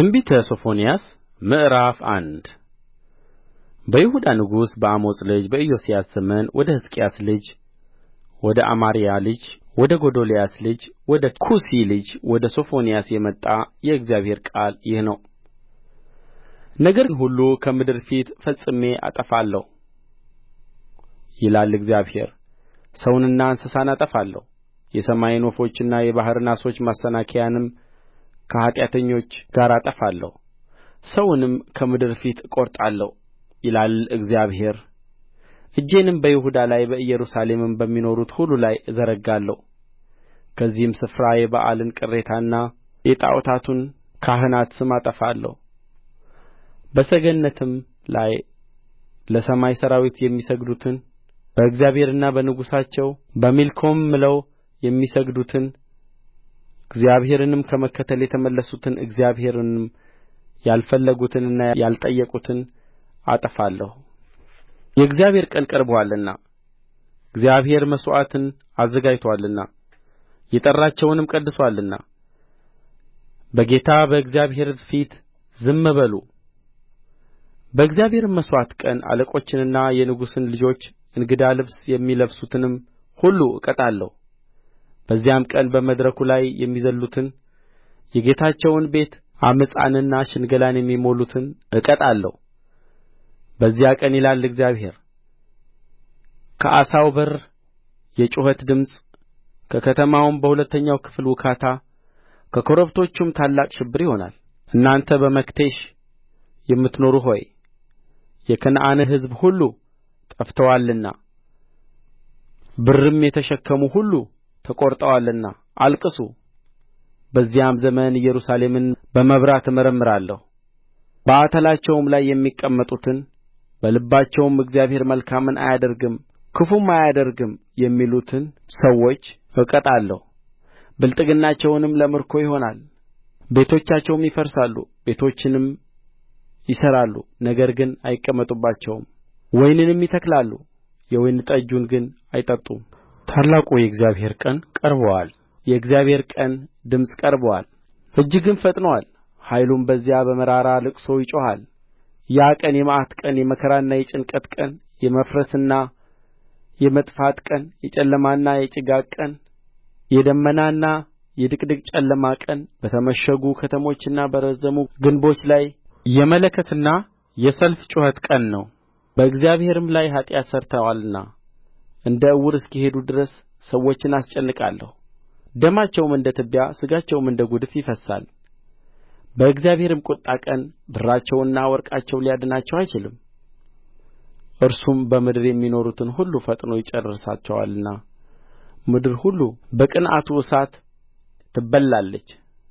ትንቢተ ሶፎንያስ ምዕራፍ አንድ በይሁዳ ንጉሥ በአሞጽ ልጅ በኢዮስያስ ዘመን ወደ ሕዝቅያስ ልጅ ወደ አማርያ ልጅ ወደ ጎዶልያስ ልጅ ወደ ኩሲ ልጅ ወደ ሶፎንያስ የመጣ የእግዚአብሔር ቃል ይህ ነው። ነገርን ሁሉ ከምድር ፊት ፈጽሜ አጠፋለሁ ይላል እግዚአብሔር። ሰውንና እንስሳን አጠፋለሁ፣ የሰማይን ወፎችና የባሕርን ዓሦች ማሰናከያንም ከኃጢአተኞች ጋር አጠፋለሁ ሰውንም ከምድር ፊት እቈርጣለሁ ይላል እግዚአብሔር እጄንም በይሁዳ ላይ በኢየሩሳሌምም በሚኖሩት ሁሉ ላይ እዘረጋለሁ ከዚህም ስፍራ የበኣልን ቅሬታና የጣዖታቱን ካህናት ስም አጠፋለሁ በሰገነትም ላይ ለሰማይ ሠራዊት የሚሰግዱትን በእግዚአብሔርና በንጉሣቸው በሚልኮም ምለው የሚሰግዱትን እግዚአብሔርንም ከመከተል የተመለሱትን እግዚአብሔርንም ያልፈለጉትንና ያልጠየቁትን አጠፋለሁ የእግዚአብሔር ቀን ቀርቦአልና እግዚአብሔር መሥዋዕትን አዘጋጅቶአልና የጠራቸውንም ቀድሶአልና በጌታ በእግዚአብሔር ፊት ዝም በሉ በእግዚአብሔርም መሥዋዕት ቀን አለቆችንና የንጉሥን ልጆች እንግዳ ልብስ የሚለብሱትንም ሁሉ እቀጣለሁ በዚያም ቀን በመድረኩ ላይ የሚዘልሉትን የጌታቸውን ቤት ዓመፃንና ሽንገላን የሚሞሉትን እቀጣለሁ በዚያ ቀን ይላል እግዚአብሔር ከዓሣው በር የጩኸት ድምፅ ከከተማውም በሁለተኛው ክፍል ውካታ ከኮረብቶቹም ታላቅ ሽብር ይሆናል እናንተ በመክቴሽ የምትኖሩ ሆይ የከነዓን ሕዝብ ሁሉ ጠፍተዋልና ብርም የተሸከሙ ሁሉ ተቈርጠዋልና አልቅሱ በዚያም ዘመን ኢየሩሳሌምን በመብራት እመረምራለሁ በአተላቸውም ላይ የሚቀመጡትን በልባቸውም እግዚአብሔር መልካምን አያደርግም ክፉም አያደርግም የሚሉትን ሰዎች እቀጣለሁ ብልጥግናቸውም ለምርኮ ይሆናል ቤቶቻቸውም ይፈርሳሉ ቤቶችንም ይሠራሉ ነገር ግን አይቀመጡባቸውም ወይንንም ይተክላሉ የወይን ጠጁን ግን አይጠጡም ታላቁ የእግዚአብሔር ቀን ቀርቦአል የእግዚአብሔር ቀን ድምፅ ቀርቦአል እጅግም ፈጥኖአል ኃይሉም በዚያ በመራራ ልቅሶ ይጮኻል ያ ቀን የመዓት ቀን የመከራና የጭንቀት ቀን የመፍረስና የመጥፋት ቀን የጨለማና የጭጋግ ቀን የደመናና የድቅድቅ ጨለማ ቀን በተመሸጉ ከተሞችና በረዘሙ ግንቦች ላይ የመለከትና የሰልፍ ጩኸት ቀን ነው በእግዚአብሔርም ላይ ኃጢአት ሠርተዋልና እንደ ዕውር እስኪሄዱ ድረስ ሰዎችን አስጨንቃለሁ ደማቸውም እንደ ትቢያ ሥጋቸውም እንደ ጕድፍ ይፈስሳል በእግዚአብሔርም ቍጣ ቀን ብራቸውና ወርቃቸው ሊያድናቸው አይችልም እርሱም በምድር የሚኖሩትን ሁሉ ፈጥኖ ይጨርሳቸዋልና ምድር ሁሉ በቅንዓቱ እሳት ትበላለች